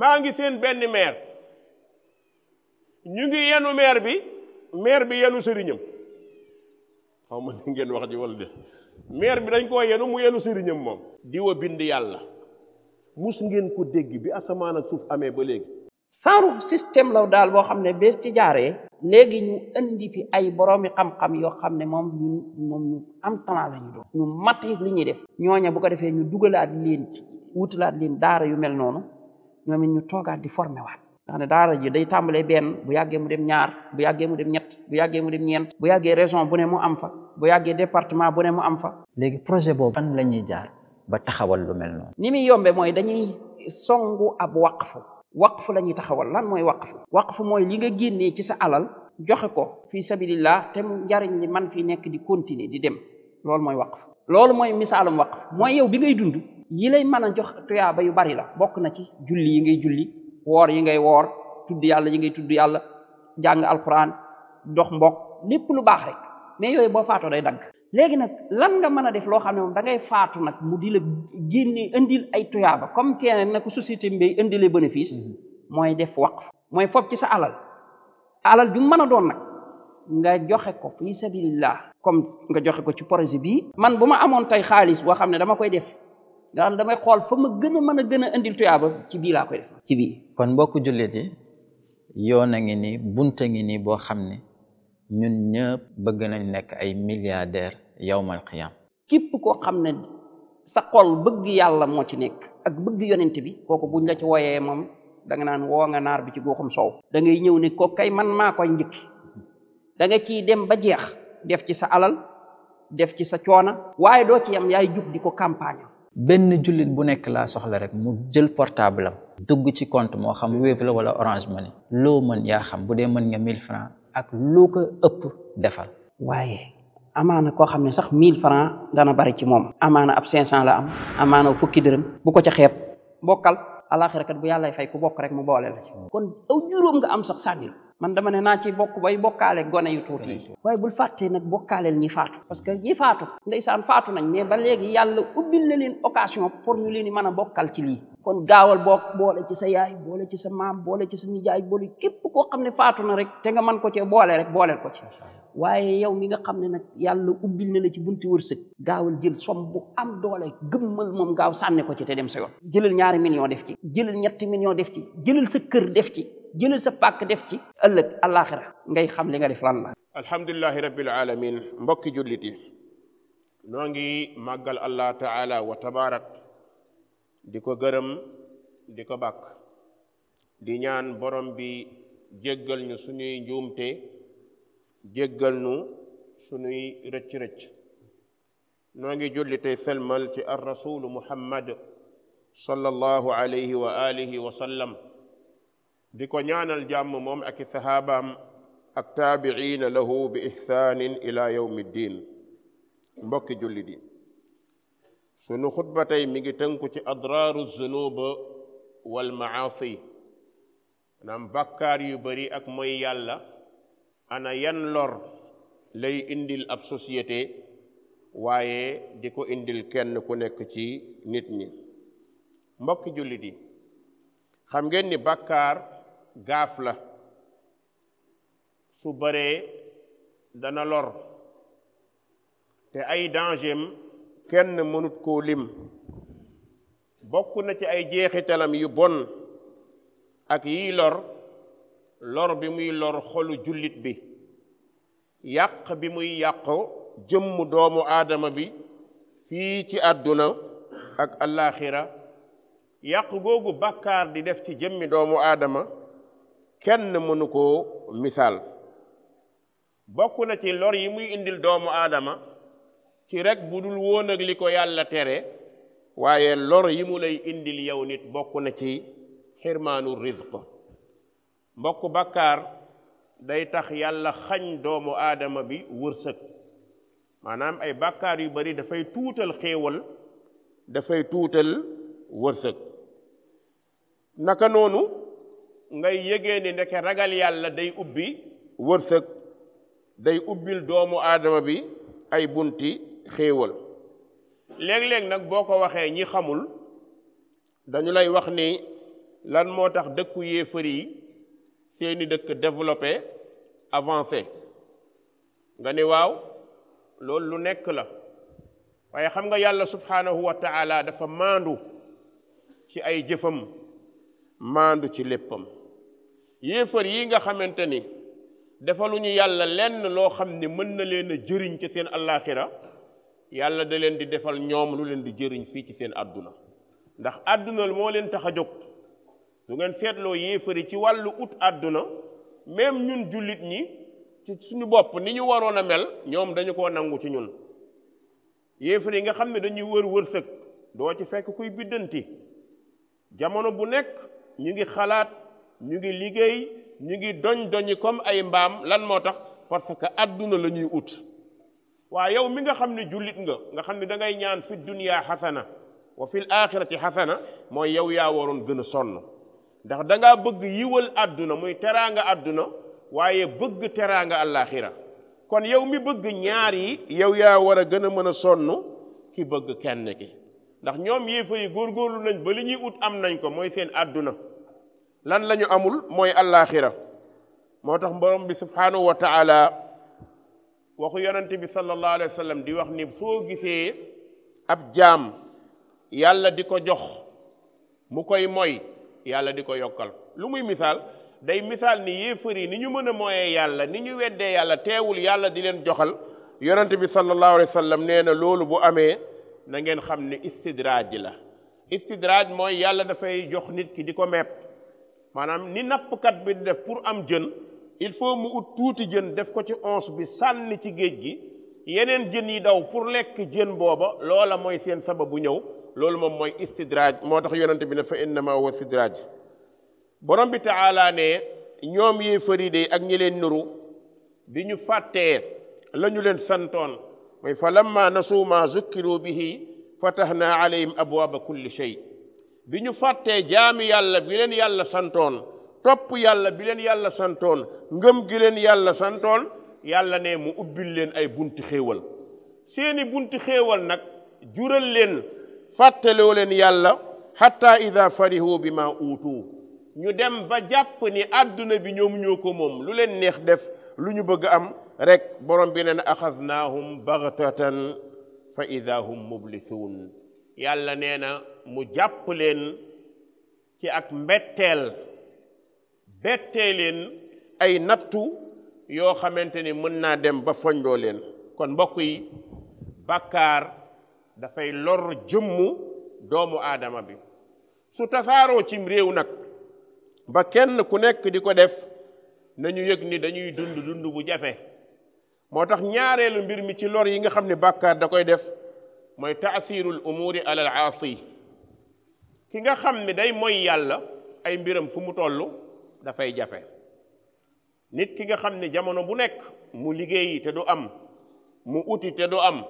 maa ngi seen benn maire ñu ngi yenu maire bi maire bi yenu sëriñam xaw ma ni ngeen wax ji wala de maire bi dañ koo yenu mu yenu sëriñam moom diwa bind yàlla mus ngeen ko dégg bi asamaan ak suuf amee ba léegi saaru système law daal boo xam ne bés ci jaaree léegi ñu indi fi ay boroomi xam-xam yoo xam ne moom ñun ñu am talent ñu doon ñu mat li ñuy def ñooña bu ko defee ñu dugalaat leen ci wutalaat leen daara yu mel noonu ñoom it ñu toogaat di formé waat nga xam ne daara ji day tàmbalee mu dem ñaar bu yàggee mu dem ñett bu yàggee mu bu ne mu am fa bu yàggee département bu ne mu am fa léegi projet boobu fan la ñuy jaar ba taxawal lu mel noonu ni muy yombe mooy dañuy songu ab waqfu waqfu la ñuy taxawal lan mooy waqfu fu mooy li nga génnee ci sa alal joxe ko fii sabilillah te njariñ li man fii nekk di continuer di dem loolu mooy waqfu loolu mooy misaalum waqf mooy yow bi ngay dund yii lay mën a jox tuyaaba yu bari la bokk na ci julli yi ngay julli woor yi ngay woor tudd yàlla yi ngay tudd yàlla jàng alquran dox mbokk lépp lu baax rek mais yooyu boo faatoo day dagg léegi nag lan nga mën a def loo xam ne da ngay faatu nag mu di la génne indil ay tuyaaba comme kenn na ko société indile bénéfice mhm. mooy def waqf mooy fob ci sa alal alal ju mën a doon nag nga joxe ko fi sabilillah comme nga joxe ko ci projet bi man bu ma amoon tey xaalis boo xam ne dama koy def nga xam damay xool fa ma gën a mën a gën a indil tuyaaba ci bii ci bii kon mbokku jullit yi yoon a ngi nii bunta ngi nii boo xam ne ñun ñëpp bëgg nañ nekk ay milliardaire yawmal qiyaam képp ko xam ne sa xool bëgg yàlla moo ci nekk ak bëgg yonent bi kooku buñ la ci wooyee moom da naan woo nga naar bi ci goxum soow da ngay ñëw ne ko kay man maa koy njëkki danga nga ciy dem ba jeex def ci sa alal def ci sa coona waaye doo ci yam yaay jug di ko campagne benn jullit bu nekk la soxla rek mu jël portable am dugg ci compte moo xam Wave la wala orangement Money loo mën yaa xam bu dee mën nga 1000 francs ak loo ko ëpp defal waaye amaana koo xam ne sax 1000 francs dana bari ci moom amaana ab 500 la am amaana fukki dërëm bu ko ca xeep bokkal alaxira kat bu yàllay fay ku bokk rek mu boole kon aw juróom nga am sax sànnil man dama ne naa ci bokk bay bokkaale gone yu tuuti yi waaye bul fàttee nag bokkaaleel ñi faatu parce que ñi faatu ndeysaan faatu nañ mais ba léegi yàlla ubbil na leen occasion pour ñu leen di mën a bokkal ci lii kon gaawal bokk boole ci sa yaay boole ci sa maam boole ci sa nijaay boole képp koo xam ne faatu na rek te nga mën ko cee boole rek booleel ko ci waaye yow mi nga xam ne nag yàlla ubbil na la ci bunti wërsëg gaawal jël som bu am doole gëmmal moom gaaw sànni ko ci te dem sa yoon jëlal ñaari million def ci jëlal ñetti million def ci jëlal sa kër def ci jëlal sa pàkk def ci ëllëg àllaaxira ngay xam li nga def lan la alhamdulilahi rabbil alamin mbokki jullit yi noo ngi màggal allah taala wa tabaarak di ko gërëm di ko bàkk di ñaan borom bi jéggal ñu suñuy njuumte jéggal nu sunuy rëcc-rëcc noo ngi julli tey selmal ci ar rasulu muhammad sallallahu alayhi wa alihi di ko ñaanal jàmm moom ak i saxaabaam ak taabiciina lahu bi ihsaanin ila yawmi ddiin mbokki julli di sunu xutba tey mi ngi tënku ci adraaru zunub wal maasi naam bàkkaar yu bari ak moy yàlla ana yan lor lay indil ab société waaye di ko indil kenn ku nekk ci nit ñi mbokki jullit yi xam ngeen ni bàkkaar gaaf la su bëree dana lor te ay dangem kenn mënut koo lim bokk na ci ay jeexitalam yu bon ak yiy lor lor bi muy lor xolu jullit bi yàq bi muy yàq jëmm doomu aadama bi fii ci àdduna ak allaaxira yàq googu bàkkaar di def ci jëmmi doomu aadama kenn mënu ko misaal bokk na ci lor yi muy indil doomu aadama ci rek bu dul woon li ko yàlla tere waaye lor yi mu lay indil yow nit bokk na ci xirmaanu rizq mbokk bàkkaar day tax yàlla xañ doomu aadama bi wërsëg maanaam ay bàkkaar yu bari dafay tuutal xéewal dafay tuutal wërsëg naka noonu ngay yëgee ni ndeke ragal yàlla day ubbi wërsëg day ubbil doomu aadama bi ay bunti xéewal léeg-léeg nag boo ko waxee ñi xamul dañu lay wax ni lan moo tax dëkku yéefar yi seeni dëkk développé avancé nga ni waaw loolu lu nekk la waaye xam nga yàlla subhaanahu wa taala dafa maandu ci ay jëfam maandu ci léppam yéefar yi nga xamante ni defaluñu yàlla lenn loo xam ne mën na leen jëriñ ci seen allaaxira yàlla da leen di defal ñoom lu leen di jëriñ fii ci seen adduna ndax àdduna moo leen tax a jóg su ngeen seetloo yéefari ci wàllu ut àdduna même ñun jullit ñi ci suñu bopp ni ñu waroon a mel ñoom dañu ko nangu ci ñun yéefar yi nga xam ne dañuy wër wërsëg doo ci fekk kuy biddanti jamono bu nekk ñu ngi xalaat ñu ngi liggéey ñu ngi doñ doñi comme ay mbaam lan moo tax parce que adduna la ñuy ut waaye yow mi nga xam ne jullit nga nga xam ne da ngay ñaan fi dunya xasana wa fil axirati xasana mooy yow yaa waroon gën a sonn ndax danga bëgg yiwal àdduna muy teraanga àdduna waaye bëgg teraanga àllaaxira kon yow mi bëgg ñaar yi yow yaa war a gën a mën a sonn ki bëgg kenn ki ndax ñoom yéefa yi góorgóorlu nañ ba li ñuy ut am nañ ko mooy seen àdduna lan la ñu amul mooy àllaaxira moo tax mborom bi subhanahu wa taala waxu yonent bi sallallahu alayhi wa di wax ni soo gisee ab jaam yàlla di ko jox mu koy moy yàlla di ko yokkal lu muy misaal day misaal ni yéefar yi ni ñu mën a mooyee yàlla ni ñu weddee yàlla teewul yàlla di leen joxal yonent bi sallallahu alayhi wa sallam nee na loolu bu amee na ngeen xam ne istidraaj la istidraaj mooy yàlla dafay jox nit ki di ko mepp maanaam ni nappkat bi def pour am jën il faut mu ut tuuti jën def ko ci once bi sànni ci géej gi yeneen jën yi daw pour lekk jën booba loola mooy seen sababu ñëw loolu moom mooy istidraaj moo tax yonent bi ne fa innama huwa istidraaj borom bi taala ne ñoom yi faride ak ñi leen nuru bi ñu fàttee la ñu leen santoon mooy fa lamma nasu bi zukkiru bihi fatahna alayhim abwaaba kulli shay bi ñu fàttee jaami yàlla bileen yàlla santoon topp yàlla bi leen yàlla santoon ngëm gileen yàlla santoon yàlla ne mu ubbil leen ay bunti xéewal seeni bunti xéewal nag jural leen fàttaloo leen yàlla xattaa ida farihu bi ma uutu ñu dem ba jàpp ni àdduna bi ñoom ñoo ko moom lu leen neex def lu ñu bëgg am rekk borom bi neen axadnaahum baxtatan fa ida hum mublisuun yàlla nee na mu jàpp leen ci ak mbetteel bettee ay nattu yoo xamante ni mën naa dem ba fondoo leen kon mbokk yi bàkkaar dafay lor jëmmu doomu aadama bi su tasaaroo cim réew nag ba kenn ku nekk di ko def nañu yëg ni dañuy dund dund bu jafe moo tax ñaareelu mbir mi ci lor yi nga xam ni bakkaar da koy def mooy taasirul umuuri alal aasi ki nga xam ni day moy yàlla ay mbiram fu mu tollu dafay jafe nit ki nga xam ni jamono bu nekk mu liggéeyi te du am mu uti te du am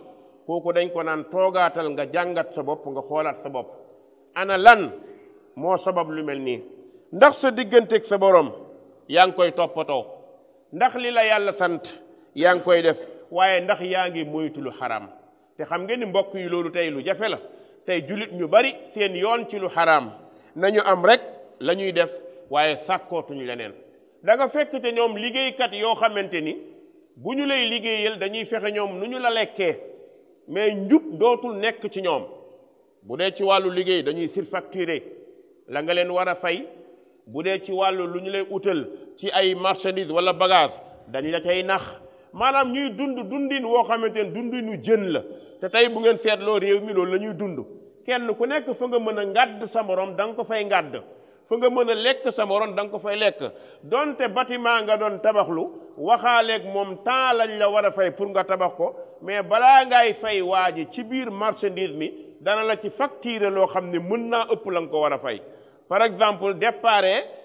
kooku dañ ko naan toogaatal nga jàngat sa bopp nga xoolaat sa bopp ana lan moo sabab lu mel nii ndax sa digganteeg sa boroom yaa ngi koy toppatoo ndax li la yàlla sant yaa ngi koy def waaye ndax yaa ngi moytu lu xaram te xam ngeen ni mbokk yi loolu tey lu jafe la tey jullit ñu bari seen yoon ci lu xaraam nañu am rek la ñuy def waaye sàkkootuñ leneen da nga fekk te ñoom liggéeykat yoo xamante ni bu ñu lay liggéeyal dañuy fexe ñoom nu ñu la lekkee mais njub dootul nekk ci ñoom bu dee ci wàllu liggéey dañuy surfacturer la nga leen war a fay bu dee ci wàllu lu ñu lay utal ci ay marchandise wala bagage dañ la cay nax maanaam ñuy dund dundin woo xamante ne dundinu jën la te tey bu ngeen seetloo réew mi loolu la ñuy dund kenn ku nekk fa nga mën a ngàdd sa morom danga ko fay ngàdd fa nga mën a lekk sa morom da nga ko fay lekk donte bâtiment nga doon tabaxlu waxaaleeg moom temps lañ la war a fay pour nga tabax ko mais balaa ngay fay waa ji ci biir marchandise mi dana la ci facture loo xam ne mën naa ëpp la nga ko war a fay par exemple départ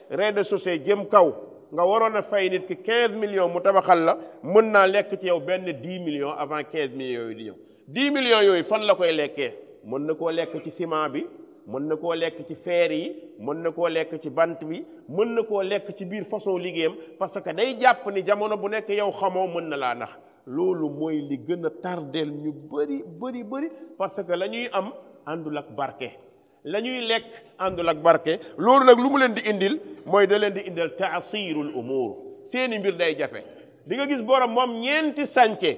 rez-de-chaussée jëm kaw nga waroon a fay nit ki 15 mu tabaxal la mën naa lekk ci yow benn 10 million avant 15 millions yooyu di ñëw 10 millions yooyu fan la koy lekkee mën na koo lekk ci ciment bi mën na koo lekk ci feer yi mën na koo lekk ci bant bi mën na koo lekk ci biir façon liggéeyam parce que day jàpp ni jamono bu nekk yow xamoo mën na laa nax loolu mooy li gën a tardeel ñu bëri bëri bëri parce que la ñuy am àndul ak barke. la ñuy lekk àndul ak barke loolu nag lu mu leen di indil mooy da leen di indil taasirul umur seeni mbir day jafe di nga gis borom moom ñeenti sànce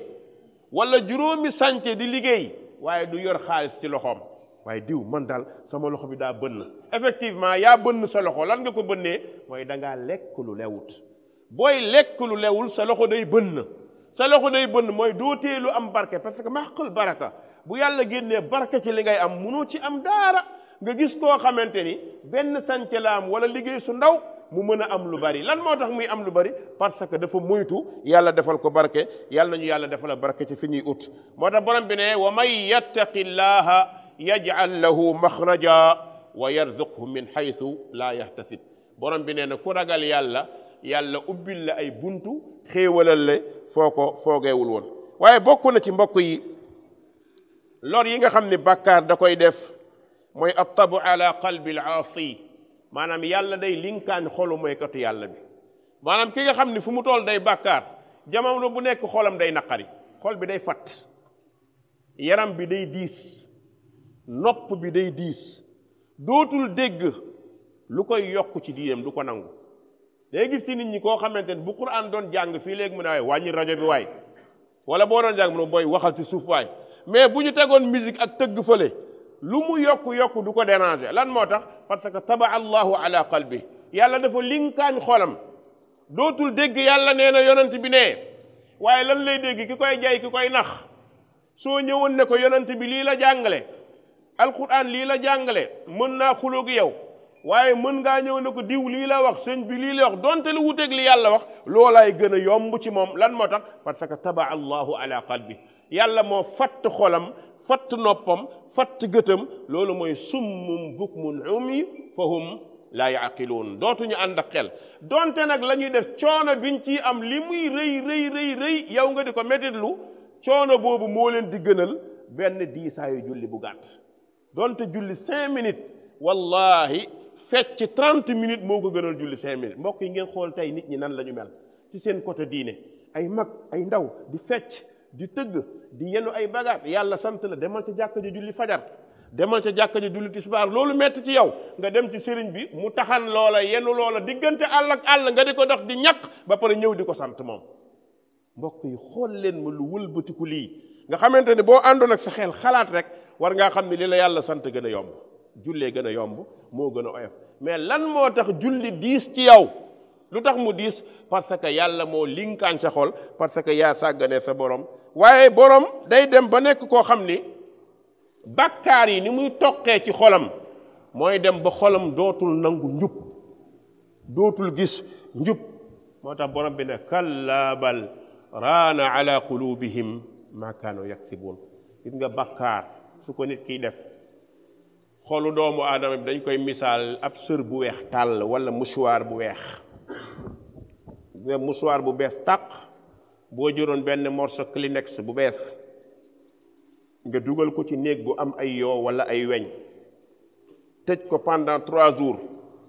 wala juróomi sànce di liggéey waaye du yor xaalis ci loxoom waaye diw man daal sama loxo bi daa bënn effectivement yaa bënn sa loxo lan nga ko bënnee mooy da ngaa lekk lu lewut booy lekk lu lewul sa loxo day bënn sa loxo day bënn mooy dootee lu am barke parce que maxqul baraka bu yàlla génnee barke ci li ngay am munoo ci am nga gis koo xamante ni benn sànce la am wala liggéey su ndaw mu mën a am lu bari lan moo tax muy am lu bari parce que dafa moytu yàlla defal ko barke yàlla nañu yàlla defal barke ci suñuy ut moo tax borom bi ne wa man yattaqi llaha yaj'al lahu maxraja wa yarzuqhu min haythu laa yahtasib borom bi nee na ku ragal yàlla yàlla ubbil la ay buntu xéewalal foo ko foogewul woon waaye bokk na ci mbokk yi lor yi nga xam ni bàkkaar da koy def mooy ab attabu ala qalbi al aasi maanaam yàlla day linkaan xolu moykatu yàlla bi maanaam ki nga xam ni fu mu tool day bàkkaar jamono bu nekk xolam day naqari xol bi day fatt yaram bi day diis nopp bi day diis dootul dégg lu koy yokk ci diineem du ko nangu day gis ci nit ñi koo xamante ne bu Qur'an doon jàng fii léegi mu ne waay wàññi rajo bi waay wala boo doon jàng mu booy waxal ci suuf waay mais bu ñu tegoon musique ak tëgg fële lu mu yokk yokk du ko déranger lan moo tax parce que taba allahu ala qalbi yàlla dafa linkaañ xolam dootul dégg yàlla nee na yonent bi nee waaye lan lay dégg ki koy jay ki koy nax soo ñëwoon ne ko yonent bi lii la jàngale alquran lii la jàngale mën naa xulóog yow waaye mën ngaa ñëw ne ko diw lii la wax sëñ bi lii la wax donte lu wuteeg li yàlla wax loolaay gën a yomb ci moom lan moo tax parce que taba allahu ala qalbi yàlla moo fatt xolam fatt noppam fatt gëtam loolu mooy summum bukmun umi fahum laa yaqiluun dootuñu ànd ak xel donte nag la ñuy def coono biñ ciy am li muy rëy rëy rëy rëy yow nga di ko métitlu coono boobu moo leen di gënal benn diisaayu julli bu gàtt donte julli cinq minutes wallahi fecc trent minutes moo ko gënal julli cinq minutes mbokk yi ngeen xool tey nit ñi nan la ñu mel ci seen côté diine ay mag ay ndaw di fecc di tëgg di yenu ay bagaat yàlla sant la demal ca jàkka ja julli fajar demal ca jàkka ja julli tisbaar loolu metti ci yow nga dem ci sëriñ bi mu taxan loola yenu loola diggante àll ak àll nga di ko dox di ñakk ba pare ñëw di ko sant moom mbokk yi xool leen ma lu wëlbatiku lii nga xamante ne boo àndoon ak sa xel xalaat rek war ngaa xam ne li la yàlla sant gën a yomb jullee gën a yomb moo gën a oyof mais lan moo tax julli diis ci yow lu tax mu diis parce que yàlla moo linkaan sa xol parce que yaa sàgganee sa borom waaye boroom day dem ba nekk koo xam ni bàkkaar yi ni muy toqee ci xolam mooy dem ba xolam dootul nangu njub dootul gis njub moo tax borom bi ne kalla bal raana ala qulubihim ma kaanu yaksibuun gis nga bàkkaar su ko nit kiy def xolu doomu aadama bi dañ koy misaal ab sër bu weex tàll wala mouchoir bu weex musuwaar bu bees tàq boo jëroon benn morceau Kleenex bu bees nga dugal ko ci néeg bu am ay yoo walla ay weñ tëj ko pendant trois jours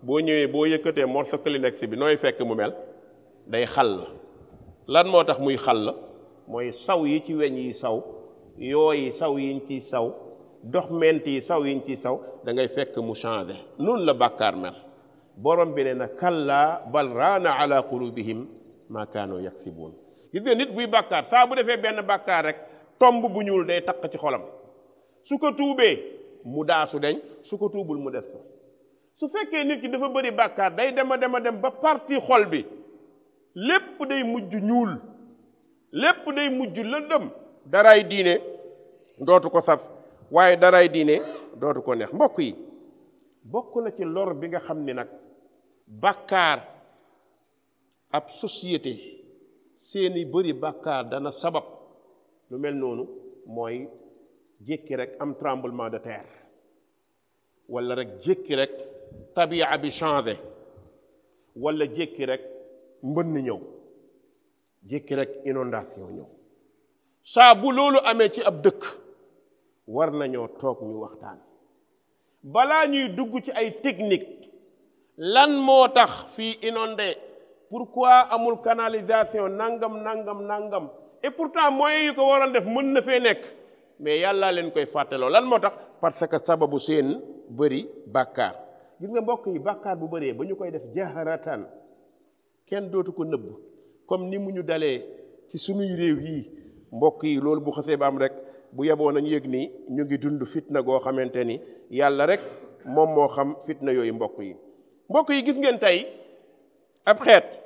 boo ñëwee boo yëkkatee morceau Kleenex bi nooy fekk mu mel day xàll lan moo tax muy xal la mooy saw yi ci weñ yi saw yoo yi saw yiñ ci saw dox ment yi saw yiñ ci saw da ngay fekk mu changé noonu la bàkkaar mel borom bi ne na kallaa bal raana ala qulubihim maa kaanoo yaksibuun gis nga nit buy bàkkaar saa bu defee benn bàkkaar rek tomb bu ñuul day takk ci xolam su ko tuubee mu daasu deñ su ko tuubul mu des ko su fekkee nit ki dafa bëri bàkkaar day dem a dem a dem ba parti xol bi lépp day mujj ñuul lépp day mujj lëndëm daray diine dootu ko saf waaye daray diine dootu ko neex mbokk yi bokk na ci lor bi nga xam ni nag bàkkaar ab société seeni bëri bàkkaar dana sabab lu mel noonu mooy jékki rek am tremblement de terre wala rek jékki rek tabia bi changé wala jékki rek mbënn ñëw jékki rek inondation ñëw saabu loolu amee ci ab dëkk war nañoo toog ñu waxtaan balaa ñuy dugg ci ay technique lan moo tax fii inondé pour quoi amul canalisation nangam nangam nangam et pourtant moyens yi ko waroon def mën na fee nekk mais yàlla leen koy fàttaloo lan moo tax parce que sababu seen bëri bàkkaar gis nga mbokk yi bàkkaar bu bëree ba ñu koy def jaharatan kenn dootu ko nëbb comme ni mu ñu dalee ci sunuy réew yi mbokk yi loolu bu xasee ba am rek bu yeboo nañu yëg nii ñu ngi dund fitna goo xamante ni yàlla rek moom moo xam fitna yooyu mbokk yi mbokk yi gis ngeen tey ab xeet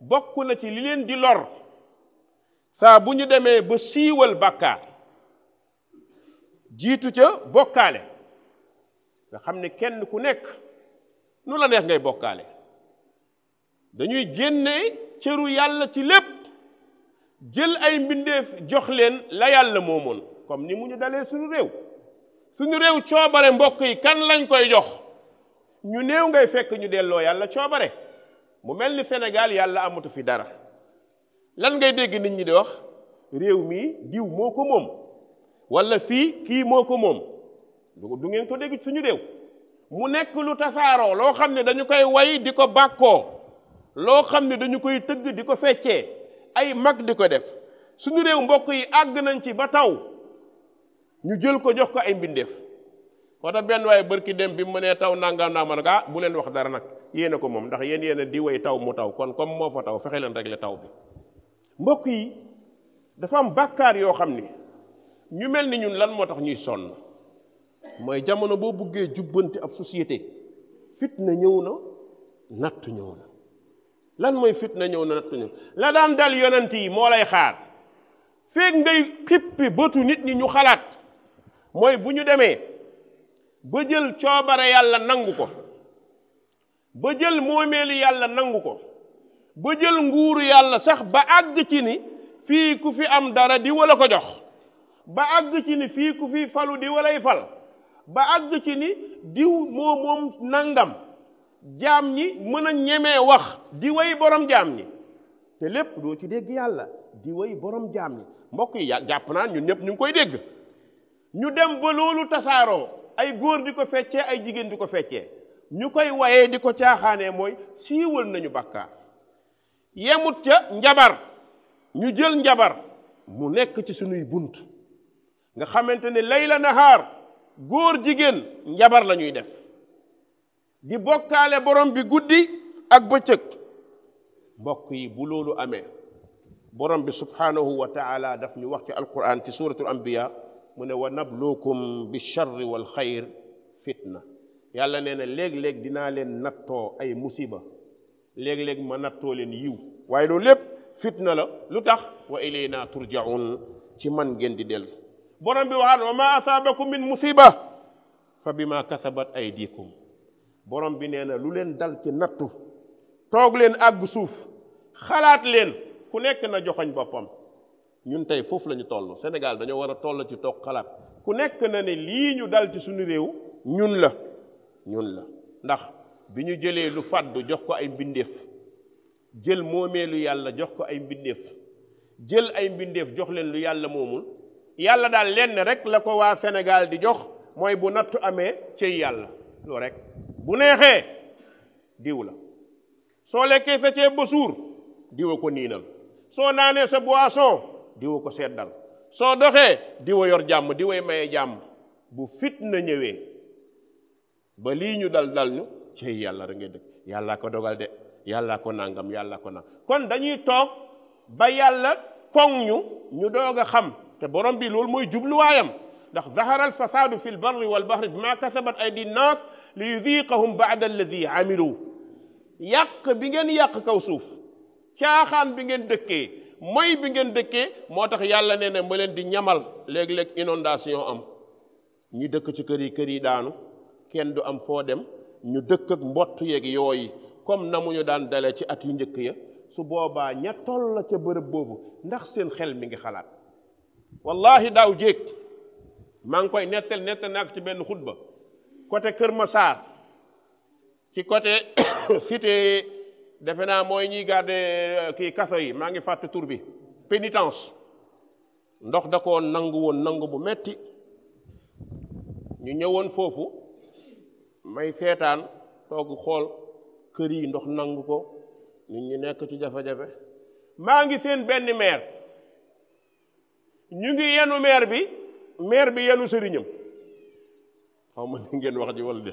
bokk na ci li leen di lor saa bu ñu demee ba siiwal bàkkaar jiitu ca bokkaale nga xam ne kenn ku nekk nu la neex ngay bokkaale dañuy génne cëru yàlla ci lépp jël ay mbindeef jox leen la yàlla moomoon comme ni mu ñu dalee suñu réew suñu réew coobare mbokk yi kan lañ koy jox ñu néew ngay fekk ñu delloo yàlla coobare mu mel ni senegal yàlla amatu fi dara lan ngay dégg nit ñi di wax réew mi diw moo ko moom wala fii kii moo ko moom du ngeen ko dégg suñu réew mu nekk lu tasaaroo loo xam ne dañu koy way di ko bàkkoo loo xam ne dañu koy tëgg di ko feccee ay mag di ko def suñu réew mbokk yi àgg nañ ci ba taw ñu jël ko jox ko ay mbindeef moo tax benn waaye bërki dem bi mu nee taw nangam naa ma ne ah bu leen wax dara nag yéen ko moom ndax yéen yéen di woy taw mu taw kon comme moo fa taw fexe leen régler taw bi mbokk yi dafa am bàkkaar yoo xam ni ñu mel ni ñun lan moo tax ñuy sonn mooy jamono boo buggee jubbanti ab société fitna ñëw na nattu ñëw lan mooy fitna na nattu ñëw la daan dal yonent yi moo lay xaar feeg ngay xippi bëtu nit ñi ñu xalaat mooy bu ñu demee ba jël coobare yàlla nangu ko ba jël moomeelu yàlla nangu ko ba jël nguuru yàlla sax ba àgg ci ni fii ku fi am dara di wala ko jox ba àgg ci ni fii ku fi falu di walay fal ba àgg ci ni diw moo moom nangam jaam ñi mën a ñemee wax di way borom jaam ni te lépp doo ci dégg yàlla di way borom jaam ñi mbokk yi jàpp naa ñun ñëpp ñu ngi koy dégg ñu dem ba loolu tasaaroo ay góor di ko feccee ay jigéen di ko feccee ñu koy wayee di ko caaxaanee mooy siiwal nañu bàkkaar yemut ca njabar ñu jël njabar mu nekk ci sunuy bunt nga xamante ne layla nahaar góor jigéen njabar la ñuy def di bokkaale borom bi guddi ak bëccëg mbokk yi bu loolu amee borom bi subhanahu wa taala daf ñu wax ci alquran ci suratul anbiya mu ne wa nabluukum bi charri wal xayr fitna yàlla nee na léeg-léeg dinaa leen nattoo ay musiba léeg-léeg ma nattoo leen yiw waaye loolu lépp fitna la lu tax wa ilayna turjaun ci man ngeen di dellu borom bi waxaat wa ma asaabakum min musiba fa bima kasabat aydikum borom bi nee na lu leen dal ci nattu toog leen àgg suuf xalaat leen ku nekk na joxoñ boppam ñun tey foofu lañu ñu toll Sénégal dañoo war a toll ci toog xalaat ku nekk na ne lii ñu dal ci suñu réew ñun la ñun la ndax bi ñu jëlee lu fàddu jox ko ay mbindeef jël moomeelu yàlla jox ko ay mbindeef jël ay mbindeef jox leen lu yàlla moomul yàlla daal lenn rekk la ko waa senegaal di jox mooy bu nattu amee cëy yàlla loo rek bu neexee diw la soo lekkee sa ceeb ba suur diwa ko niinal soo naanee sa boisson diwa ko seddal soo doxee diwa yor jàmm diway maye jàmm bu fitna ñëwee ba lii ñu dal dal ñu ci yàlla rek ngay dëkk yàlla ko dogal de yàlla ko nangam yàlla ko nangam kon dañuy toog ba yàlla koŋ ñu ñu doog xam te borom bi loolu mooy jubluwaayam ndax zahara al fi l barri wal bahri bima kasabat aydi nnas li yudiqahum baada alladi amilu yàq bi ngeen yàq kaw suuf caaxaan bi ngeen dëkkee mooy bi ngeen dëkkee moo tax yàlla nee na ma leen di ñamal léeg-léeg inondation am ñi dëkk ci kër yi kër yi daanu kenn du am foo dem ñu dëkk mbott yeeg yooyu comme na mu ñu daan dalee ci at yu njëkk ya su boobaa ña toll la ca bërëb boobu ndax seen xel mi ngi xalaat wallahi daaw jéeg maa ngi koy nettal nettal naa ko ci benn xutba côté Kër Massar ci côté cité defe naa mooy ñuy garde euh, kii kaso yi maa ngi fàtte tur bi pénitence ndox da ko nangu woon nangu bu metti ñu ñëw woon foofu may seetaan toog xool kër yi ndox nangu ko ñu ñi nekk ci jafe-jafe maa ngi seen benn maire ñu ngi yenu maire bi maire bi yenu sëriñëm xaw ma ngeen wax ji wala de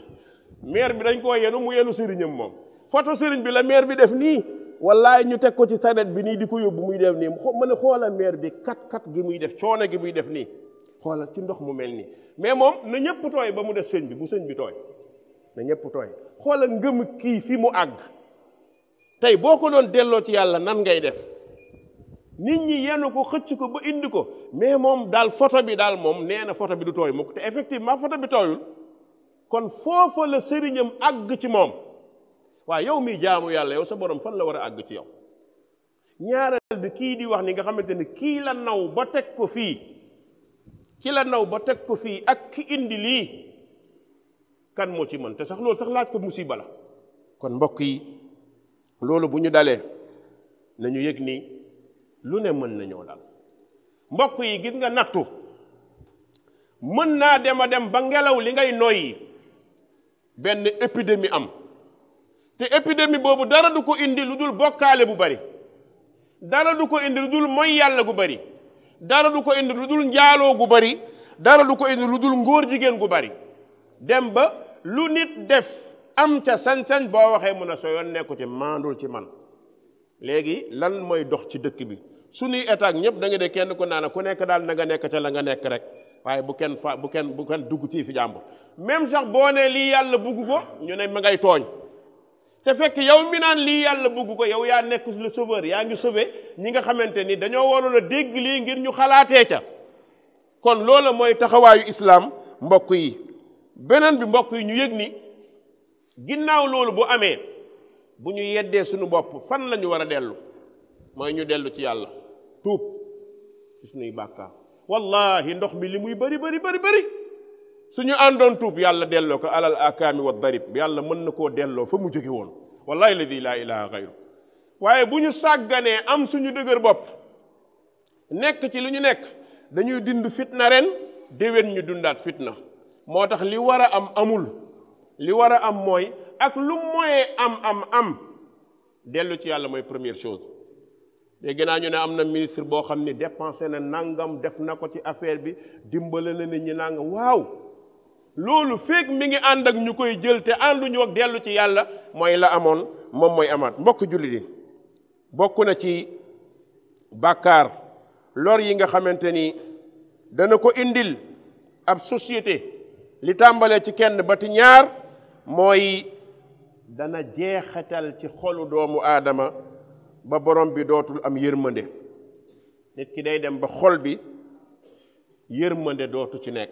maire bi dañ koo yenu mu yenu sëriñam moom photo sëriñ bi la maire bi def nii walla ñu teg ko ci sanet bi nii di ko yóbbu muy def nii ma ne xoola meer bi kat kat gi muy def coono gi muy def nii xoola ci ndox mu mel nii mais moom na ñëpp tooy ba mu def sëñ bi mu sëñ bi tooy na ñëpp tooy xoola ngëm kii fi mu àgg tey boo ko doon delloo ci yàlla nan ngay def nit ñi yenu ko xëcc ko ba indi ko mais moom daal photo bi daal moom nee na photo bi du tooy mukk te effectivement photo bi tooyul kon foofa sëriñam àgg ci moom waaye yow miy jaamu yàlla yow sa borom fan la war a àgg ci yow ñaareel bi kii di wax ni nga xamante ne kii la naw ba teg ko fii ki la naw ba teg ko fii ak ki indi lii kan moo ci mën te sax loolu sax laaj ko musiba la kon mbokk yi loolu bu ñu dalee nañu yëg nii lu ne mën nañoo dal mbokk yi gis nga nattu mën naa dem a dem ba ngelaw li ngay noyyi benn épidémie am te épidémie boobu dara du ko indi lu dul bokkaale bu bari dara du ko indi lu dul mooy yàlla gu bari dara du ko indi lu dul njaaloo gu bari dara du ko indi lu dul ngóor jigéen gu bari dem ba lu nit def am ca sañ-sañ boo waxee mun a soo yoon nekku ci maandul ci man léegi lan mooy dox ci dëkk bi suñuy état ñëpp da nga de kenn ku naan ku nekk daal na nga nekk ca la nga nekk rek waaye bu kenn fa bu kenn bu kenn dugg ci fi jàmbur même sax boo nee lii yàlla bugg ko ñu ne ma ngay tooñ te fekk yow mi naan lii yàlla bëgg ko yow yaa nekk le sauveur yaa ngi sauvé ñi nga xamante ni dañoo waroon a dégg lii ngir ñu xalaatee ca kon loola mooy taxawaayu islaam mbokk yi beneen bi mbokk yi ñu yëg ni ginnaaw loolu bu amee bu ñu yeddee suñu bopp fan lañu war a dellu mooy ñu dellu ci yàlla tuub ci suñuy bàkkaar wallahi ndox mi li muy bari bari bari bari suñu àndoon tuub yàlla delloo ko alal akaami wa darib yàlla mën na koo delloo fa mu jóge woon wallahi ladi laa ilaha gayru waaye bu ñu sàgganee am suñu dëgër bopp nekk ci lu ñu nekk dañuy dind fitna ren déwén ñu dundaat fitna moo tax li war a am amul li war a am mooy ak lu moyee am am am dellu ci yàlla mooy première chose léegi naa ñu ne am na ministre boo xam ni dépensé na nangam def na ko ci affaire bi dimbale na nit ñi nangam waaw loolu feeg mi ngi ànd ak ñu koy jël te ànduñu ak dellu ci yàlla mooy la amoon moom mooy amaat mbokk jullit bokk na ci bàkkaar lor yi nga xamante ni dana ko indil ab société li tàmbalee ci kenn ba ti ñaar mooy dana jeexatal ci xolu doomu aadama ba borom bi dootul am yërmande nit ki day dem ba xol bi yërmande dootu ci nekk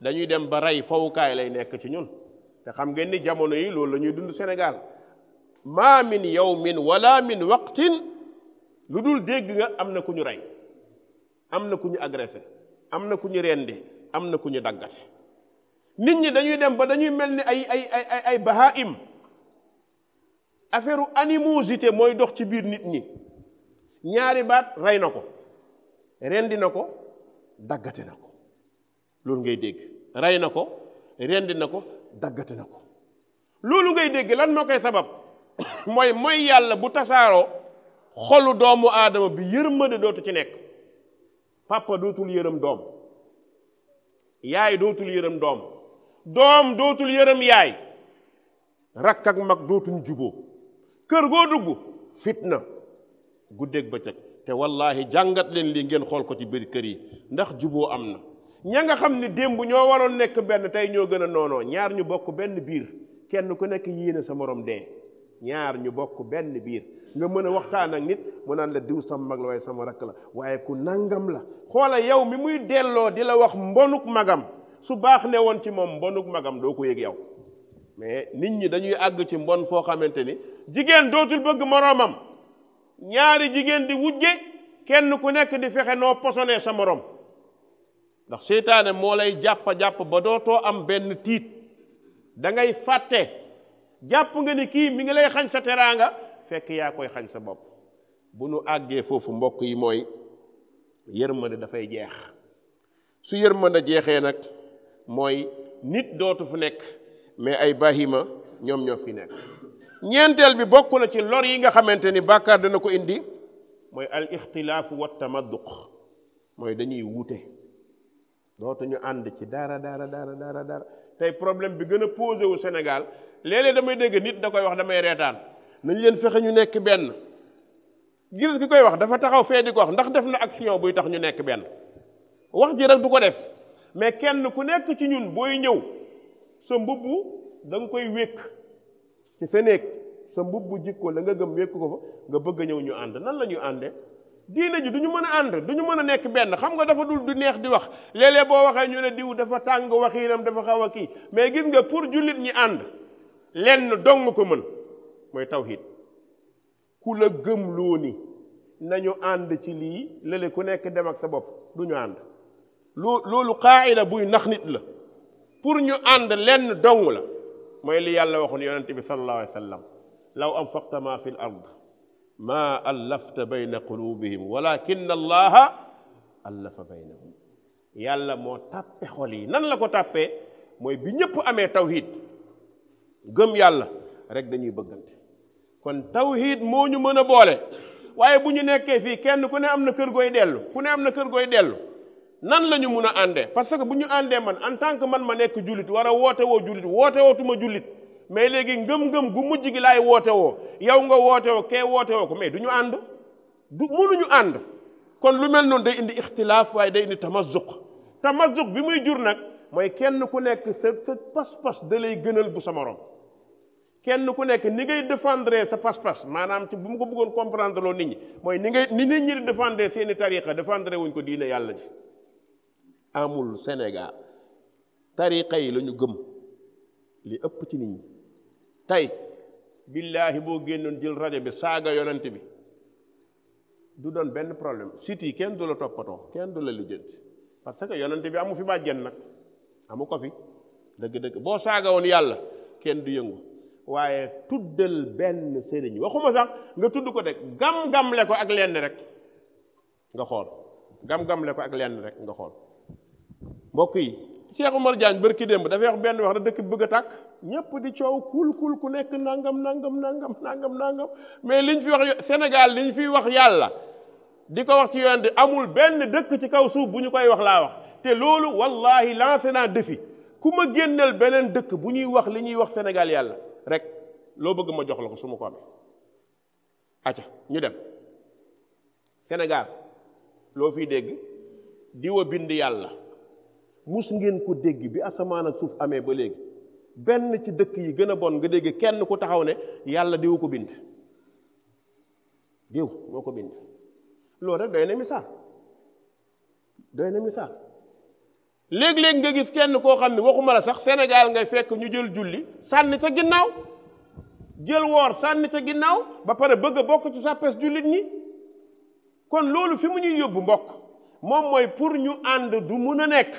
dañuy dem ba rey foowukaay lay nekk ci ñun te xam ngeen ni jamono yi loolu lañuy dund Sénégal maa min yawmin wala min waqtin lu dul dégg nga am na ku ñu rey am na ku ñu agressé am na ku ñu rendi am na ku ñu daggate nit ñi dañuy dem ba dañuy mel ni ay ay ay ay bahaim affaire animosité mooy dox ci biir nit ñi ñaari baat rey na ko rendi na ko daggate na ko loolu ngay dégg rey na ko rend na ko daggati na ko loolu ngay dégg lan moo koy sabab mooy mooy yàlla bu tasaaroo xolu doomu aadama bi yërmande dootu ci nekk papa dootul yërëm doom yaay dootul yërëm doom doom dootul yërëm yaay rakk ak mag dootuñ juboo kër goo dugg fitna guddeeg bëccëg te wallaahi jàngat leen li ngeen xool ko ci biir kër yi ndax juboo am na ña nga xam ni démb ñoo waroon nekk benn tey ñoo gën a noonoo ñaar ñu bokk benn biir kenn ku nekk yéene sa moroom dee ñaar ñu bokk benn biir nga mën a waxtaan ak nit mu naan la diw sama mag la waaye sama rakk la waaye ku nangam la xoola yow mi muy delloo di la wax mbonuk magam su baax ne woon ci moom mbonuk magam doo ko yëg yow mais nit ñi dañuy àgg ci mbon foo xamante ni jigéen dootul bëgg moroomam ñaari jigéen di wujje kenn ku nekk di fexe noo posone sa morom ndax seytaane moo lay jàpp-jàpp ba dootoo am benn tiit da ngay fàtte jàpp nga ni kii mi ngi lay xañ sa teraanga fekk yaa koy xañ sa bopp bu nu àggee foofu mbokk yi mooy yërmande dafay jeex su yërmande jeexee nag mooy nit dootu fu nekk mais ay bahima ñoom ñoo fi nekk ñeenteel bi bokk na ci lor yi nga xamante ni bàkkaar dana ko indi mooy al ixtilaafu wa tamadduq mooy dañuy wuute dootuñu ànd ci daara dara dara daara dara tey problème bi gën a posé wu Sénégal léeg-léeg damay dégg nit da koy wax damay reetaan nañ leen fexe ñu nekk benn gis ki koy wax dafa taxaw fee di ko wax ndax def na action buy tax ñu nekk benn wax ji rek du ko def mais kenn ku nekk ci ñun booy ñëw sa mbubbu da koy wékk ci sa néeg sa mbubbu jikko la nga gëm wékk ko fa nga bëgg ñëw ñu ànd nan la ñu àndee diine ji du ñu mën a ànd du ñu mën a nekk benn xam nga dafa dul du neex di wax léeg boo waxee ñu ne diw dafa tàng waxiinam dafa xaw a kii mais gis nga pour jullit ñi ànd lenn dong ko mën mooy tawhid ku la gëm loo ni nañu ànd ci lii lële ku nekk dem ak sa bopp du ñu ànd loo loolu qaayida buy nax nit la pour ñu ànd lenn dong la mooy li yàlla waxoon yonente bi sallallahu alayhi wa sallam law anfaqta ma fi ard maa allafta bayna qulubihim walakin allaha allafa baynahum yàlla moo tàppe xol yi nan la ko tàppee mooy bi ñëpp amee tawhid gëm yàlla rek dañuy bëggante kon tawhid moo ñu mën a boole waaye bu ñu nekkee fii kenn ku ne am na kër gooy dellu ku ne am na kër gooy dellu nan la ñu mun a àndee parce que bu ñu àndee man en tant que man ma nekk jullit war a woote woo jullit woote wootuma jullit mais léegi ngëm-ngëm gu mujj gi laay woote woo yow nga woote woo kee woote woo ko mais du ñu ànd du mënuñu ànd kon lu mel noonu day indi ixtilaaf waaye day indi tamazzuq tamazzuq bi muy jur nag mooy kenn ku nekk sa sa pas-pas dalay gënal bu sa morom kenn ku nekk ni ngay défendre sa pas-pas maanaam ci bu mu ko bëggoon comprendre loo nit ñi mooy ni ngay ni nit ñi di défendre seeni tariqa défendre wuñ ko diine yàlla ji amul Sénégal tariqa yi la ñu gëm li ëpp ci nit tey billaahi boo génnoon jël rajo bi saaga yonent bi du doon benn problème site kenn du la toppatoo kenn du la lijjanti parce que yonent bi amu fi bàjjen nag amu ko fi dëgg-dëgg boo saaga woon yàlla kenn du yëngu waaye tuddal benn sëriñ waxuma sax nga tudd ko de gam-gamle ko ak lenn rek nga xool gam-gamle ko ak lenn rek nga xool mbokk yi Cheikh Oumar Diagne bërki démb dafay wax benn wax da dëkk bëgg a tàkk ñëpp di coow kul kul ku nekk nangam nangam nangam nangam nangam mais liñ fi wax Sénégal liñ fiy wax yàlla di ko wax ci yonent amul benn dëkk ci kaw suuf bu ñu koy wax laa wax te loolu wallahi lancé naa defi ku ma génneel beneen dëkk bu ñuy wax li ñuy wax Sénégal yàlla rek loo bëgg ma jox la ko suma ma ko amee aca ñu dem Sénégal loo fiy dégg diwa bind yàlla mus ngeen ko dégg bi asamaan ak suuf amee ba léegi benn ci dëkk yi gën a bon nga dégg kenn ku taxaw ne yàlla diw ko bind diw moo ko bind loolu rek doy na misaal doy na misaal léeg-léeg nga gis kenn koo xam ne waxuma la sax Sénégal ngay fekk ñu jël julli sànni sa ginnaaw jël woor sànni sa ginnaaw ba pare bëgg a bokk ci sàppees jullit ñi kon loolu fi mu ñuy yóbbu mbokk moom mooy pour ñu ànd du mun a nekk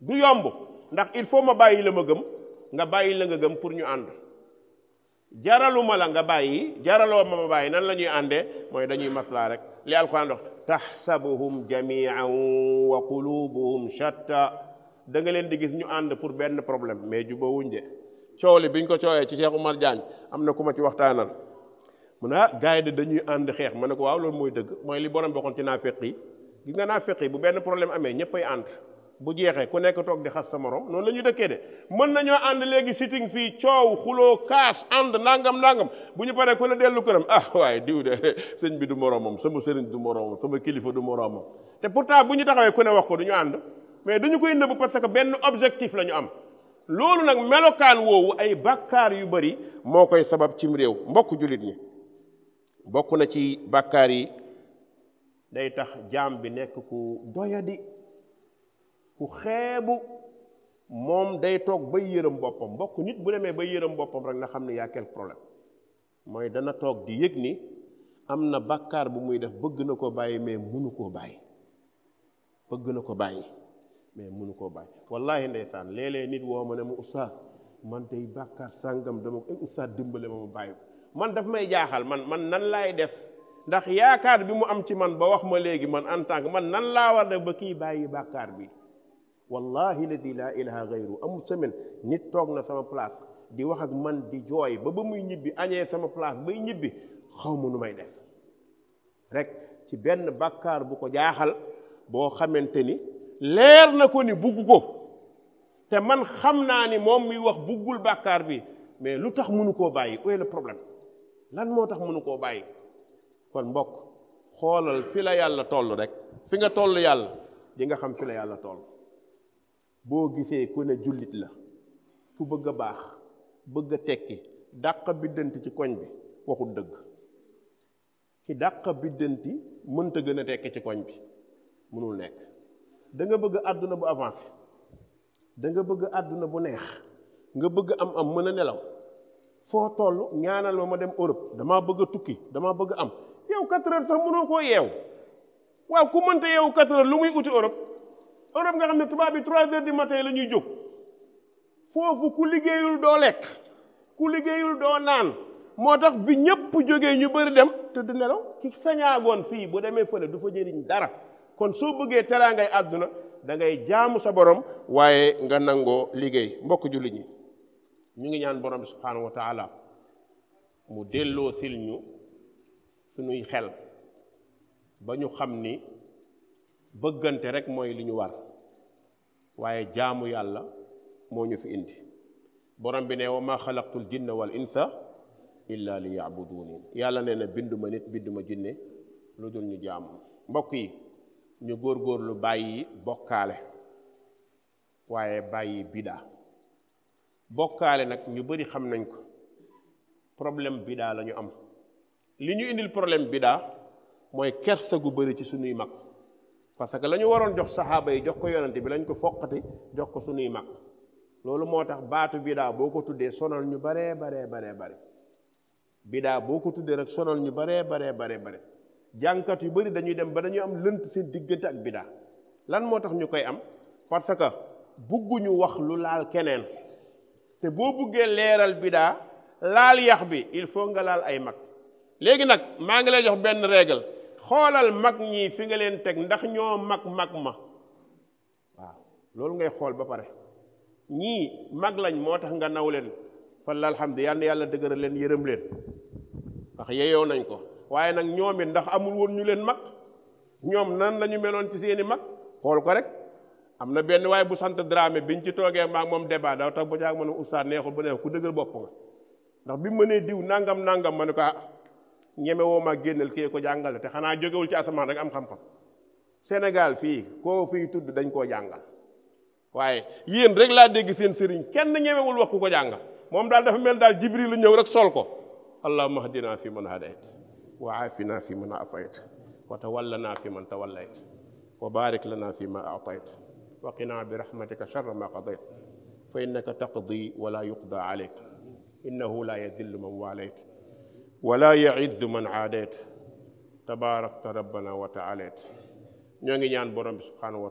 du yomb ndax il faut ma bàyyi la ma gëm nga bàyyi la nga gëm pour ñu ànd jaraluma la nga bàyyi jaraloo ma ma bàyyi nan la ñuy àndee mooy dañuy maslaa rek li alquran wax taxsabuhum jamian wa qulubuhum shatta da nga leen di gis ñu ànd pour benn problème mais jubawuñ de coow li ñu ko coowee ci Cheikh Oumar Diagne am na ku ma ci waxtaanal mu ne ah gars de dañuy ànd xeex ma ne ko waaw loolu mooy dëgg mooy li borom bokkoon ci naafeq yi gis nga naafeq yi bu benn problème amee ñëppay ànd bu jeexee ku nekk toog di xas sa moroom noonu la ñu dëkkee de mën nañoo ànd léegi sitting fii coow xuloo kaas ànd nangam nangam bu ñu paree ku ne dellu këram ah waaye diw de sëñ bi du moromam sama sëriñ du moromam sama kilifa du moromam te pourtant bu ñu taxawee ku ne wax ko du ñu ànd mais du ñu koy nëbb parce que benn objectif la ñu am loolu nag melokaan woowu ay bàkkaar yu bari moo koy sabab cim réew mbokk jullit ñi bokk na ci bàkkaar yi day tax jaam bi nekk ku doyadi ku xeebu moom day toog bay yërëm boppam mbokk nit bu demee bay yërëm boppam rek na xam ne yaa quelque problème mooy dana toog di yëg ni am na bàkkaar bu muy def bëgg na ko bàyyi mais munu koo bàyyi bëgg na ko bàyyi mais munu koo bàyyi wallahi ndeysaan léeg-léeg nit woo ma ne mu oustaz man tey bàkkaar sàngam dama ko oustaz eh, dimbale ma mu bàyyi ko man daf may jaaxal man man nan laay def ndax yaakaar bi mu am ci man ba wax ma léegi man en tant man nan laa war def ba kii bàyyi bàkkaar bi wallahi ladi laa ilaha gayru amul semaine nit toog na sama place di wax ak man di jooy ba ba muy ñibbi añee sama place bay ñibbi xaw ma nu may def rek ci benn bàkkaar bu ko jaaxal boo xamante ni leer na ko ni bugg ko te man xam naa ni moom muy wax buggul bàkkaar bi mais lu tax munu koo bàyyi où est problème lan moo tax mënu koo bàyyi kon mbokk xoolal fi la yàlla toll rek fi nga toll yàlla di nga xam fi la yàlla toll boo gisee ku ne jullit la ku bëgg a baax bëgg a tekki dàq biddanti ci koñ bi waxul dëgg ki dàq biddanti mënta gën a tekki ci koñ bi mënul nekk danga nga bëgg àdduna bu avancé danga nga bëgg àdduna bu neex nga bëgg am am mën a nelaw foo toll ñaanal ma ma dem Europe dama bëgg tukki dama bëgg am yow quatre sax mënoo koo yeew waaw ku mënta yeewu quatre lu muy uti Europe Europe nga xam ne tubaab bi trois heures du matin la ñuy jóg foofu ku liggéeyul doo lekk ku liggéeyul doo naan moo tax bi ñëpp jógee ñu bari dem te du nelaw ki feñaagoon fii bu demee fële du fa jëriñ dara kon soo bëggee teraangay àdduna dangay jaamu sa borom waaye nga nangoo liggéey mbokk jullit ñi ñu ngi ñaan borom bi subhaanahu mu delloo sil ñu sunuy xel ba ñu xam ni bëggante rek mooy li ñu war waaye jaamu yàlla moo ñu fi indi borom bi ne wa ma xalaqtul jinna wal insa illa li yaabuduni yàlla nee na binduma nit binduma jinne lu dul ñu jaamu mbokk yi ñu góor góor lu bàyyi bokkaale waaye bàyyi bidaa bokkaale nag ñu bari xam nañ ko problème bidaa lañu am li ñu indil problème bidaa mooy kersa gu bari ci sunuy mag parce que lañu waroon jox saxaaba yi jox ko yonante bi lañ ko foqati jox ko suñuy mag loolu moo tax baatu bidaa boo ko tuddee sonal ñu baree baree baree bare bidaa boo ko tuddee rek sonal ñu baree baree baree bare jànkat yu bari dañuy dem ba dañuy am lënt seen diggante ak bidaa lan moo tax ñu koy am parce que bugguñu wax lu laal keneen te boo buggee leeral bidaa laal yax bi il faut nga laal ay mag léegi nag maa ngi lay jox benn règle xoolal mag ñi fi nga leen teg ndax ñoo mag mag ma waaw loolu ngay xool ba pare ñii mag lañ moo tax nga naw leen fan la alhamdu yal yàlla dëgëral leen yërëm leen ndax yeyoo nañ ko waaye nag ñoom it ndax amul woon ñu leen mag ñoom nan lañu meloon ci seeni mag xool ko rek am na benn waaye bu sant bi ñu ci toogee maag moom débat daaw tax ba caag ma ne oustaz neexul ba neexul ku dëgër bopp nga ndax bi mënee diw nangam nangam ma ne ko ah ñemewoo ma génnal kii ko jàngale te xanaa jógewul ci asamaan rek am xam-xam Sénégal fii koo fiy tudd dañ koo jàngal waaye yéen rek laa dégg seen sëriñ kenn ñemewul wax ku ko jàngal moom daal dafa mel daal jibril la ñëw rek sol ko allahumma ahdina fi man hadayt wa aafina fi man afayt wa tawallana fi man tawallayt wa barik lana fi ma atayt wa qina bi rahmatika sharra ma qadayt fa innaka taqdi wa la yuqda alayk innahu la yadillu man walayt wala yaiddu man aadeet tabaarakta rabbana wa taaleet ñoo ngi ñaan borom bi subhanahu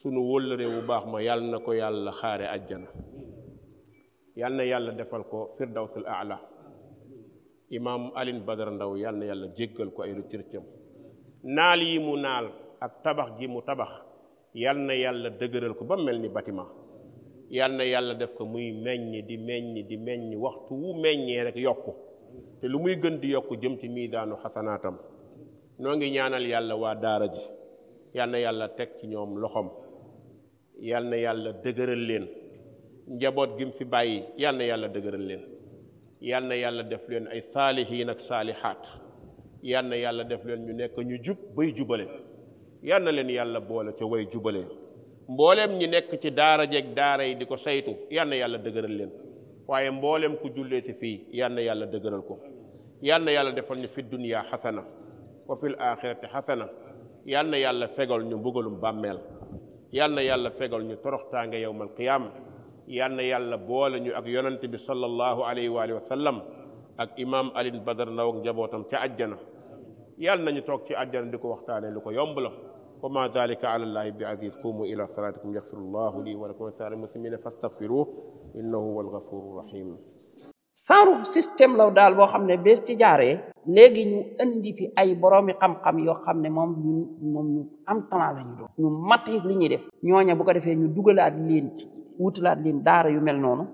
sunu wóllëre bu baax ma yàlla na ko yàlla xaare ajjana yàlla na yàlla defal ko firdawsul aala imaam alin Badara ndaw yàlla na yàlla jéggal ko ay rëcc-rëccam naal yi mu naal ak tabax ji mu tabax yàlla na yàlla dëgëral ko ba mel ni bâtiment yàlla na yàlla def ko muy meññ di meññ di meññ waxtu wu meññee rek yokku te lu muy gën di yokk jëm ci mii daanu xasanaatam noo ngi ñaanal yàlla waa daara ji yal yàlla teg ci ñoom loxoom yal na yàlla dëgëral leen njaboot gi mu fi bàyyi yal yàlla dëgëral leen yal na yàlla def leen ay saalihiin ak saalihaat yal na yàlla def leen ñu nekk ñu jub bay jubale yal leen yàlla boole ca way jubale mbooleem ñi nekk ci daara jeeg daara yi di ko saytu yal yàlla dëgëral leen waaye mboolem ku julleeti fii yal na yàlla dëgëral ko yal na yàlla defal ñu fi duniyaa xasana wa fil axirati xasana yal na yàlla fegal ñu mbugalum bàmmeel yal na yàlla fegal ñu toroxtaange yowmal qiyaama yal na yàlla boole ñu ak yonante bi sallallahu alayhi wa alihi wa sallam ak imaam Alioune Badara Ndao ak njabootam ca àjjana yal nañu toog ci àjjana di ko waxtaanee lu ko yomb wa ma dalika ala llahi bi aziz qumu ila salatikum yaxfiru llahu li wa lakum wa saari muslimina fastaxfiruh innahu wal gafuru rahim saaru système law daal boo xam ne bés ci jaaree léegi ñu indi fi ay boroomi xam-xam yoo xam ne moom ñun moom ñu am talent la ñu ñu mat li ñuy def ñooña bu ko defee ñu dugalaat leen ci wutalaat leen daara yu mel noonu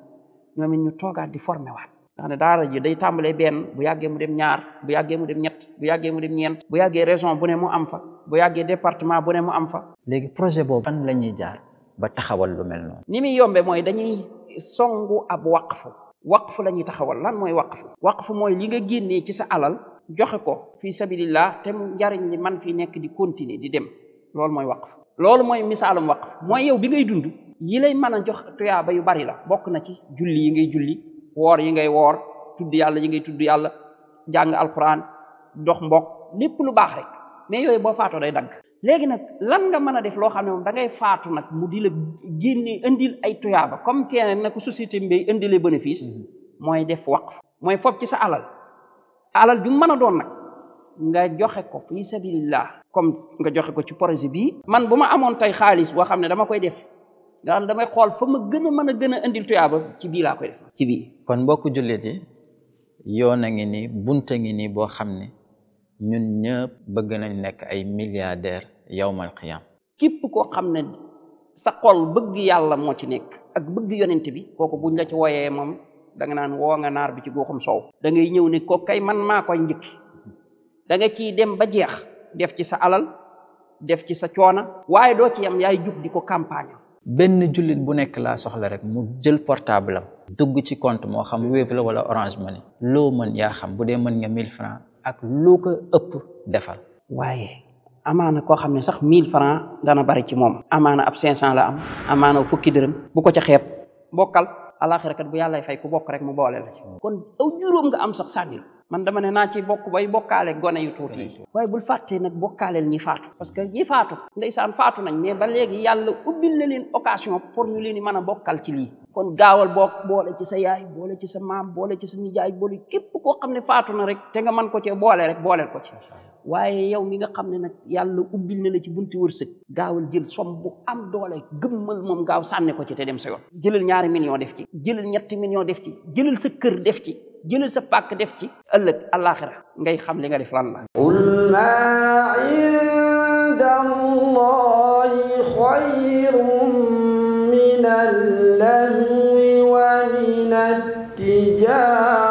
ñoom it ñu toogaat di formé waat nga xam ne daara ji day tàmbalee benn bu yàggee mu dem ñaar bu yàggee mu dem ñett bu yàggee mu dem ñeent bu yàggee région bu ne mu am fa bu yàggee département bu ne mu am fa léegi projet boobu fan la ñuy jaar ba taxawal lu mel noonu ni muy yombe mooy dañuy songu ab waqfu waqfu la ñuy taxawal lan mooy waqfu fu mooy li nga génnee ci sa alal joxe ko fii sabilillah te mu njariñ man fii nekk di continuer di dem loolu mooy waqf loolu mooy misaalum waqf mooy yow bi ngay dund yi lay mën a jox tuyaaba yu bari la bokk na ci julli yi ngay julli woor yi ngay woor tudd yàlla yi ngay tudd yàlla jàng alquran dox mbokk lépp lu baax rek mais yooyu boo faatoo day dagg léegi nag lan nga mën a def loo xam ne moom da ngay faatu nag mu di la génne indil ay tuyaaba comme keneen nag ko société mbay indile bénéfice mhm. mooy def waqf mooy fob ci sa alal alal ju mën a doon nag nga joxe ko fi sabilillah comme nga joxe ko ci projet bi man bu ma amoon tey xaalis boo xam ne dama koy def nga xam damay xool fa ma gën a mën a gën a indil tuyaaba ci bii ci bii kon mbokku jullit yi yoon a ngi nii bunt a ngi nii boo xam ne ñun ñëpp bëgg nañ nekk ay milliardaire yawmal qiyaam képp ko xam ne sa xool bëgg yàlla moo ci nekk ak bëgg yonent bi kooku buñ la ci wooyee moom da naan woo nga naar bi ci goxum soow da ngay ñëw ne ko kay man maa koy njëkki danga nga dem ba jeex def ci sa alal def ci sa coona waaye doo ci yam yaay jug di ko campagne benn jullit bu nekk laa soxla rek mu jël portable am dugg ci compte moo xam Wave la wala Orange Money loo mën yaa xam bu dee mën nga 1000 francs ak loo ko ëpp defal waaye amaana koo xam ne sax 1000 francs dana bari ci moom amaana ab 500 la am amaana fukki dërëm bu ko ca xeeb bokkal alaxira kat bu yàllay fay ku bokk rek mu boole kon aw juróom nga am sax sànnil man dama ne naa ci bokk bay bokkaale gone yu tuuti yi waaye bul fàttee nag bokkaaleel ñi faatu parce que ñi faatu ndeysaan faatu nañ mais ba léegi yàlla ubbil na leen occasion pour ñu leen di mën a bokkal ci lii kon gaawal boo boole ci sa yaay boole ci sa maam boole ci sa nijaay boole képp koo xam ne faatu na rek te nga mën ko cee boole rek booleel ko ci waaye yow mi nga xam ne nag yàlla ubbil na la ci bunti wërsëg gaawal jël som bu am doole gëmmal moom gaaw sànni ko ci te dem sa yoon jëlal ñaari million def ci jëlal ñetti million def ci jëlal sa kër def ci jëlal sa pàkk def ci ëllëg àllaaxira ngay xam li nga def lan la qul ma inda allahi xayrun min allahi wa min attijaa